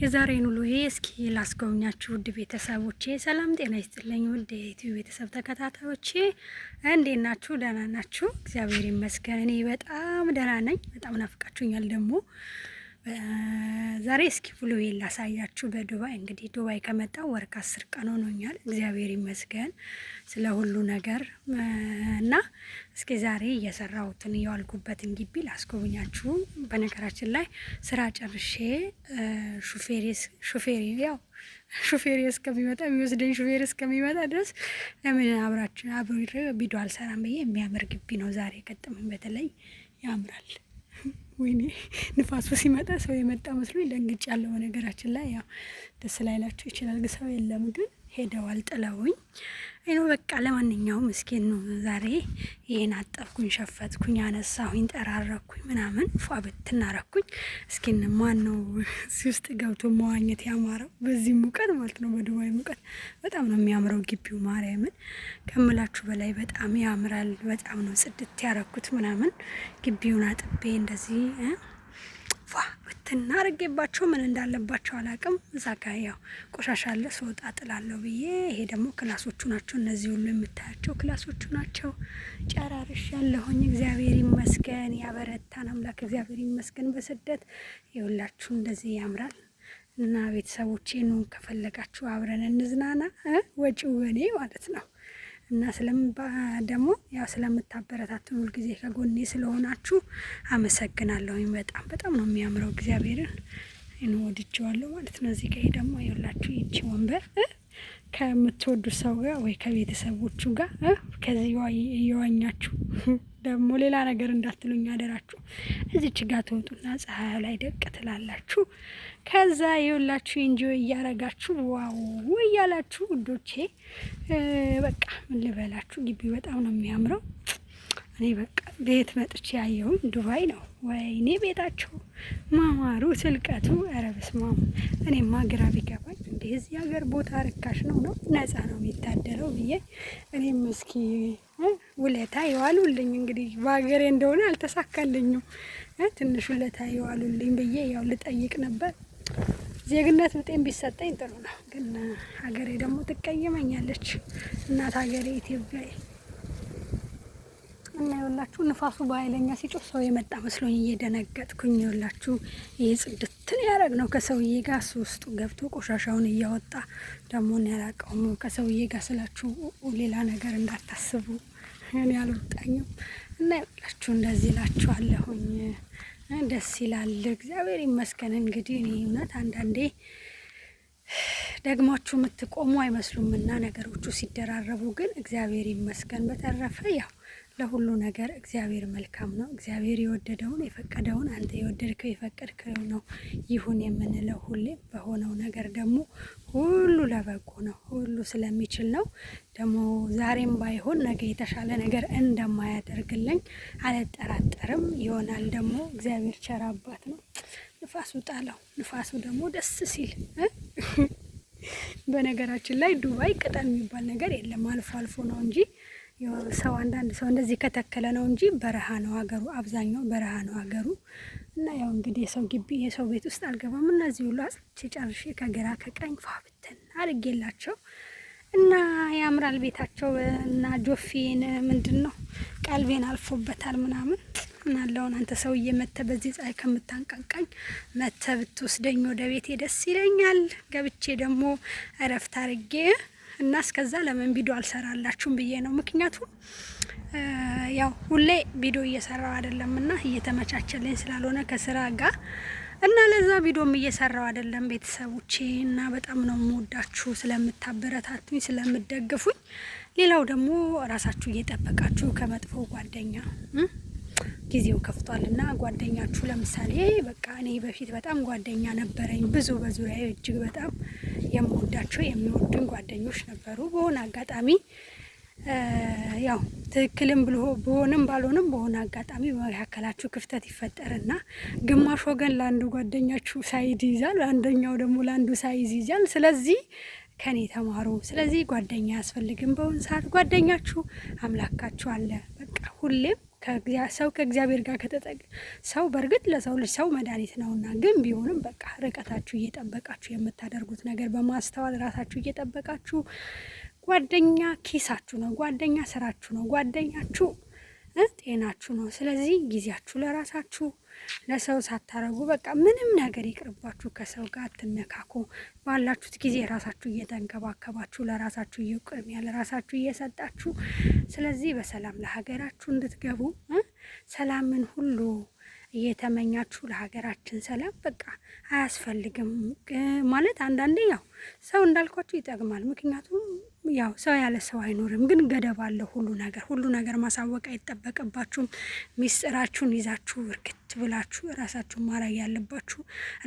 የዛሬን ውሎ ይሄ እስኪ ላስጎብኛችሁ ውድ ቤተሰቦቼ። ሰላም ጤና ይስጥልኝ ውድ የዩቲዩብ ቤተሰብ ተከታታዮቼ፣ እንዴት ናችሁ? ደህና ናችሁ? እግዚአብሔር ይመስገን እኔ በጣም ደህና ነኝ። በጣም ናፍቃችሁኛል ደግሞ ዛሬ እስኪ ብሎ ላሳያችሁ። በዱባይ እንግዲህ ዱባይ ከመጣ ወር ከአስር ቀን ሆኖኛል። እግዚአብሔር ይመስገን ስለ ሁሉ ነገር እና እስኪ ዛሬ እየሰራሁትን የዋልኩበትን ግቢ ላስጎብኛችሁ። በነገራችን ላይ ስራ ጨርሼ ሹፌሬ ያው ሹፌሬ እስከሚመጣ የሚወስደኝ ሹፌሬ እስከሚመጣ ድረስ ለምን አብራችን አብሮ ቪዲዮ አልሰራም ብዬ የሚያምር ግቢ ነው ዛሬ ገጠመኝ። በተለይ ያምራል ወይኔ ንፋሱ ሲመጣ ሰው የመጣ መስሎ ደንግጫ ያለው። ነገራችን ላይ ያው ደስ ላይላችሁ ይችላል፣ ሰው የለም ግን ሄደዋል ጥለውኝ። አይኖ በቃ ለማንኛውም ምስኪን ነው። ዛሬ ይሄን አጠብኩኝ፣ ሸፈትኩኝ፣ አነሳሁኝ፣ ጠራረኩኝ፣ ምናምን ፏ ብትናረኩኝ። እስኪን ማን ነው እዚህ ውስጥ ገብቶ መዋኘት ያማረው? በዚህ ሙቀት ማለት ነው፣ በዱባይ ሙቀት በጣም ነው የሚያምረው ግቢው። ማርያምን ከምላችሁ በላይ በጣም ያምራል። በጣም ነው ጽድት ያረኩት ምናምን ግቢውን አጥቤ እንደዚህ ብትናርጌባቸው ምን እንዳለባቸው አላቅም። እዛ ጋ ያው ቆሻሻ አለ ስወጣ ጥላለሁ ብዬ ይሄ ደግሞ ክላሶቹ ናቸው። እነዚህ ሁሉ የምታያቸው ክላሶቹ ናቸው። ጨራርሽ ያለሁኝ እግዚአብሔር ይመስገን። ያበረታን አምላክ እግዚአብሔር ይመስገን። በስደት የሁላችሁ እንደዚህ ያምራል እና ቤተሰቦቼ ኑ ከፈለጋችሁ አብረን እንዝናና፣ ወጪው እኔ ማለት ነው። እና ደግሞ ያው ስለምታበረታትን ሁልጊዜ ከጎኔ ስለሆናችሁ አመሰግናለሁኝ። በጣም በጣም ነው የሚያምረው። እግዚአብሔርን እንወድጀዋለሁ ማለት ነው። እዚህ ጋር ደግሞ የሁላችሁ ይቺ ወንበር ከምትወዱ ሰው ጋር ወይ ከቤተሰቦቹ ጋር ከዚህ እየዋኛችሁ ደግሞ ሌላ ነገር እንዳትሉኝ አደራችሁ። እዚች ጋር ትወጡና ፀሐይ ላይ ደቅ ትላላችሁ። ከዛ የሁላችሁ እንጂ እያረጋችሁ ዋው እያላችሁ ውዶቼ፣ በቃ ምን ልበላችሁ፣ ግቢ በጣም ነው የሚያምረው። እኔ በቃ ቤት መጥቼ ያየሁኝ ዱባይ ነው። ወይኔ ቤታቸው ማማሩ ስልቀቱ፣ ኧረ በስመ አብ! እኔማ ግራ ቢገባኝ እንደ እዚህ ሀገር ቦታ ርካሽ ነው ነው ነጻ ነው የሚታደለው ብዬ እኔም እስኪ ውለታ ይዋሉልኝ። እንግዲህ በሀገሬ እንደሆነ አልተሳካልኝም። ትንሽ ውለታ ይዋሉልኝ ብዬ ያው ልጠይቅ ነበር። ዜግነት ብጤም ቢሰጠኝ ጥሩ ነው፣ ግን ሀገሬ ደግሞ ትቀይመኛለች። እናት ሀገሬ ኢትዮጵያ እና የወላችሁ ንፋሱ በኃይለኛ ሲጮህ ሰው የመጣ መስሎኝ እየደነገጥኩኝ የወላችሁ ይህ ጽድትን ያደረግ ነው ከሰውዬ ጋር እሱ ውስጡ ገብቶ ቆሻሻውን እያወጣ ደግሞ ያላቀውም ከሰውዬ ጋር ስላችሁ ሌላ ነገር እንዳታስቡ። እኔ አልወጣኝም እና ይላችሁ እንደዚህ ላችኋለሁኝ። ደስ ይላል። እግዚአብሔር ይመስገን። እንግዲህ እኔ እውነት አንዳንዴ ደግማችሁ የምትቆሙ አይመስሉምና ነገሮቹ ሲደራረቡ፣ ግን እግዚአብሔር ይመስገን። በተረፈ ያው ለሁሉ ነገር እግዚአብሔር መልካም ነው። እግዚአብሔር የወደደውን የፈቀደውን አንተ የወደድከው የፈቀድከው ነው ይሁን የምንለው ሁሌ በሆነው ነገር ደግሞ ሁሉ ለበጎ ነው፣ ሁሉ ስለሚችል ነው። ደግሞ ዛሬም ባይሆን ነገ የተሻለ ነገር እንደማያደርግልኝ አልጠራጠርም። ይሆናል ደግሞ እግዚአብሔር ቸር አባት ነው። ንፋሱ ጣለው። ንፋሱ ደግሞ ደስ ሲል በነገራችን ላይ ዱባይ ቅጠል የሚባል ነገር የለም። አልፎ አልፎ ነው እንጂ ሰው አንዳንድ ሰው እንደዚህ ከተከለ ነው እንጂ በረሃ ነው ሀገሩ፣ አብዛኛው በረሃ ነው ሀገሩ። እና ያው እንግዲህ የሰው ግቢ የሰው ቤት ውስጥ አልገባም። እነዚህ ሁሉ አጽድቼ ጨርሼ ከግራ ከቀኝ ፏ አድርጌላቸው እና ያምራል ቤታቸው። እና ጆፌን ምንድን ነው ቀልቤን አልፎበታል ምናምን ምናለውን አንተ ሰውዬ መተ በዚህ ፀሐይ ከምታንቀንቀኝ መተ ብትወስደኝ ወደ ቤቴ ደስ ይለኛል። ገብቼ ደግሞ እረፍት አርጌ እና እስከዛ ለምን ቪዲዮ አልሰራላችሁም ብዬ ነው። ምክንያቱም ያው ሁሌ ቪዲዮ እየሰራው አይደለም እና እየተመቻቸልኝ ስላልሆነ ከስራ ጋር እና ለዛ ቪዲዮም እየሰራው አይደለም ቤተሰቦቼ። እና በጣም ነው የምወዳችሁ ስለምታበረታቱኝ፣ ስለምደግፉኝ። ሌላው ደግሞ ራሳችሁ እየጠበቃችሁ ከመጥፎ ጓደኛ ጊዜው ከፍቷል እና ጓደኛችሁ ለምሳሌ በቃ እኔ በፊት በጣም ጓደኛ ነበረኝ። ብዙ በዙሪያ እጅግ በጣም የምወዳቸው የሚወዱኝ ጓደኞች ነበሩ። በሆነ አጋጣሚ ያው ትክክልም ብሎ በሆንም ባልሆንም በሆነ አጋጣሚ በመካከላችሁ ክፍተት ይፈጠርና ግማሽ ወገን ለአንዱ ጓደኛችሁ ሳይድ ይዛል፣ አንደኛው ደግሞ ለአንዱ ሳይዝ ይዛል። ስለዚህ ከኔ ተማሩ። ስለዚህ ጓደኛ አያስፈልግም። በሆን ሰዓት ጓደኛችሁ አምላካችሁ አለ። በቃ ሁሌም ሰው ከእግዚአብሔር ጋር ከተጠቅ ሰው በእርግጥ ለሰው ልጅ ሰው መድኃኒት ነውና፣ ግን ቢሆንም በቃ ርቀታችሁ እየጠበቃችሁ የምታደርጉት ነገር በማስተዋል ራሳችሁ እየጠበቃችሁ። ጓደኛ ኪሳችሁ ነው። ጓደኛ ስራችሁ ነው። ጓደኛችሁ ጤናችሁ ነው። ስለዚህ ጊዜያችሁ ለራሳችሁ ለሰው ሳታረጉ በቃ ምንም ነገር ይቅርባችሁ። ከሰው ጋር አትነካኩ። ባላችሁት ጊዜ ራሳችሁ እየተንከባከባችሁ ለራሳችሁ እየቅድሚያ ለራሳችሁ እየሰጣችሁ፣ ስለዚህ በሰላም ለሀገራችሁ እንድትገቡ ሰላምን ሁሉ እየተመኛችሁ ለሀገራችን ሰላም በቃ አያስፈልግም ማለት አንዳንዴ ያው ሰው እንዳልኳችሁ ይጠቅማል ምክንያቱም ያው ሰው ያለ ሰው አይኖርም፣ ግን ገደብ አለው ሁሉ ነገር። ሁሉ ነገር ማሳወቅ አይጠበቅባችሁም። ሚስጥራችሁን ይዛችሁ እርክት ብላችሁ ራሳችሁን ማድረግ ያለባችሁ፣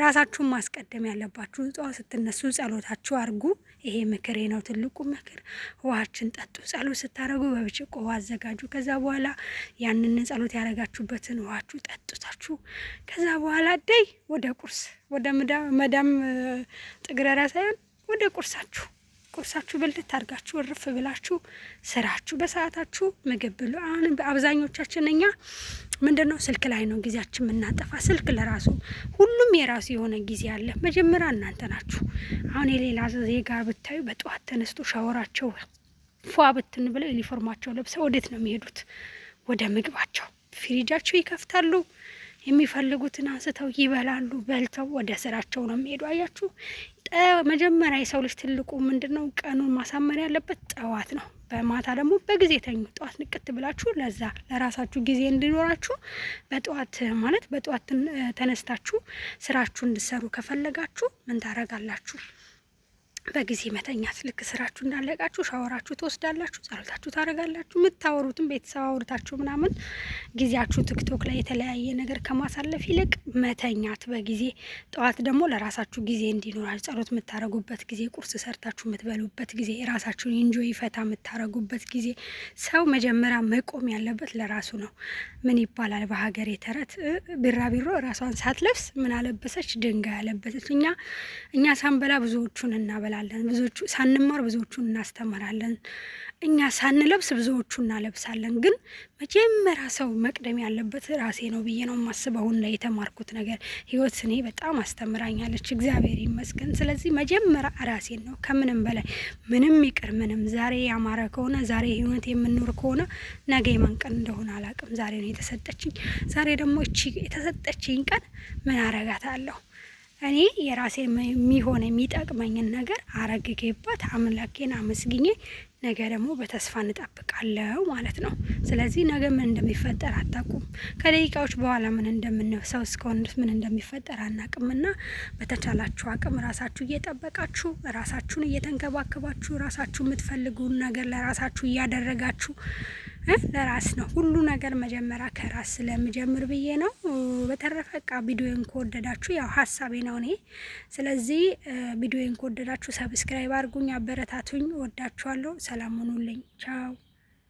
ራሳችሁን ማስቀደም ያለባችሁ። ጠዋት ስትነሱ ጸሎታችሁ አርጉ። ይሄ ምክሬ ነው፣ ትልቁ ምክር። ውሃችን ጠጡ። ጸሎት ስታደረጉ በብርጭቆ ውሃ አዘጋጁ። ከዛ በኋላ ያንን ጸሎት ያደረጋችሁበትን ውሃችሁ ጠጡታችሁ። ከዛ በኋላ ደይ ወደ ቁርስ ወደ መዳም ጥግረራ ሳይሆን ወደ ቁርሳችሁ ቁርሳችሁ ብልት አድርጋችሁ እርፍ ብላችሁ ስራችሁ በሰዓታችሁ ምግብ ብሉ። አሁን አብዛኞቻችን እኛ ምንድን ነው ስልክ ላይ ነው ጊዜያችን የምናጠፋ። ስልክ ለራሱ ሁሉም የራሱ የሆነ ጊዜ አለ። መጀመሪያ እናንተ ናችሁ። አሁን የሌላ ዜጋ ብታዩ በጠዋት ተነስቶ ሻወራቸው ፏ ብትን ብለው ዩኒፎርማቸው ለብሰው ወዴት ነው የሚሄዱት? ወደ ምግባቸው። ፍሪጃቸው ይከፍታሉ የሚፈልጉትን አንስተው ይበላሉ። በልተው ወደ ስራቸው ነው የሚሄዱ። አያችሁ፣ መጀመሪያ የሰው ልጅ ትልቁ ምንድን ነው ቀኑን ማሳመር ያለበት ጠዋት ነው። በማታ ደግሞ በጊዜ ተኙ። ጠዋት ንቅት ብላችሁ ለዛ ለራሳችሁ ጊዜ እንዲኖራችሁ በጠዋት ማለት በጠዋት ተነስታችሁ ስራችሁ እንድሰሩ ከፈለጋችሁ ምን ታረጋላችሁ? በጊዜ መተኛት። ልክ ስራችሁ እንዳለቃችሁ ሻወራችሁ ትወስዳላችሁ፣ ጸሎታችሁ ታደርጋላችሁ። የምታወሩትም ቤተሰብ አውርታችሁ ምናምን ጊዜያችሁ ቲክቶክ ላይ የተለያየ ነገር ከማሳለፍ ይልቅ መተኛት በጊዜ ጠዋት ደግሞ ለራሳችሁ ጊዜ እንዲኖራችሁ ጸሎት የምታደርጉበት ጊዜ፣ ቁርስ ሰርታችሁ የምትበሉበት ጊዜ፣ ራሳችሁን ኢንጆይ ፈታ የምታደርጉበት ጊዜ። ሰው መጀመሪያ መቆም ያለበት ለራሱ ነው። ምን ይባላል በሀገሬ ተረት ቢራቢሮ ራሷን ሳትለብስ ምን አለበሰች ድንጋይ አለበሰች። እኛ እኛ ሳንበላ ብዙዎቹን እናበላ እንበላለን። ብዙዎቹ ሳንማር ብዙዎቹን እናስተምራለን። እኛ ሳንለብስ ብዙዎቹ እናለብሳለን። ግን መጀመሪያ ሰው መቅደም ያለበት ራሴ ነው ብዬ ነው የማስበውን ላይ የተማርኩት ነገር ህይወት እኔ በጣም አስተምራኛለች፣ እግዚአብሔር ይመስገን። ስለዚህ መጀመሪያ ራሴን ነው ከምንም በላይ ምንም ይቅር ምንም። ዛሬ ያማረ ከሆነ ዛሬ ህይወት የምኖር ከሆነ ነገ የማን ቀን እንደሆነ አላቅም። ዛሬ ነው የተሰጠችኝ። ዛሬ ደግሞ እቺ የተሰጠችኝ ቀን ምን አረጋታለሁ? እኔ የራሴ የሚሆነ የሚጠቅመኝን ነገር አረግጌበት አምላኬን አመስግኜ ነገ ደግሞ በተስፋ እንጠብቃለው ማለት ነው። ስለዚህ ነገ ምን እንደሚፈጠር አታውቁም። ከደቂቃዎች በኋላ ምን እንደምንሰው እስከሆነ ምን እንደሚፈጠር አናውቅምና በተቻላችሁ አቅም ራሳችሁ እየጠበቃችሁ ራሳችሁን እየተንከባከባችሁ ራሳችሁ የምትፈልጉን ነገር ለራሳችሁ እያደረጋችሁ ለራስ ነው ሁሉ ነገር መጀመሪያ ከራስ ስለምጀምር ብዬ ነው። በተረፈ ቃ ቪዲዮን ከወደዳችሁ ያው ሀሳቤ ነው እኔ። ስለዚህ ቪዲዮን ከወደዳችሁ ሰብስክራይብ አድርጉኝ፣ አበረታቱኝ። ወዳችኋለሁ። ሰላም ሁኑልኝ። ቻው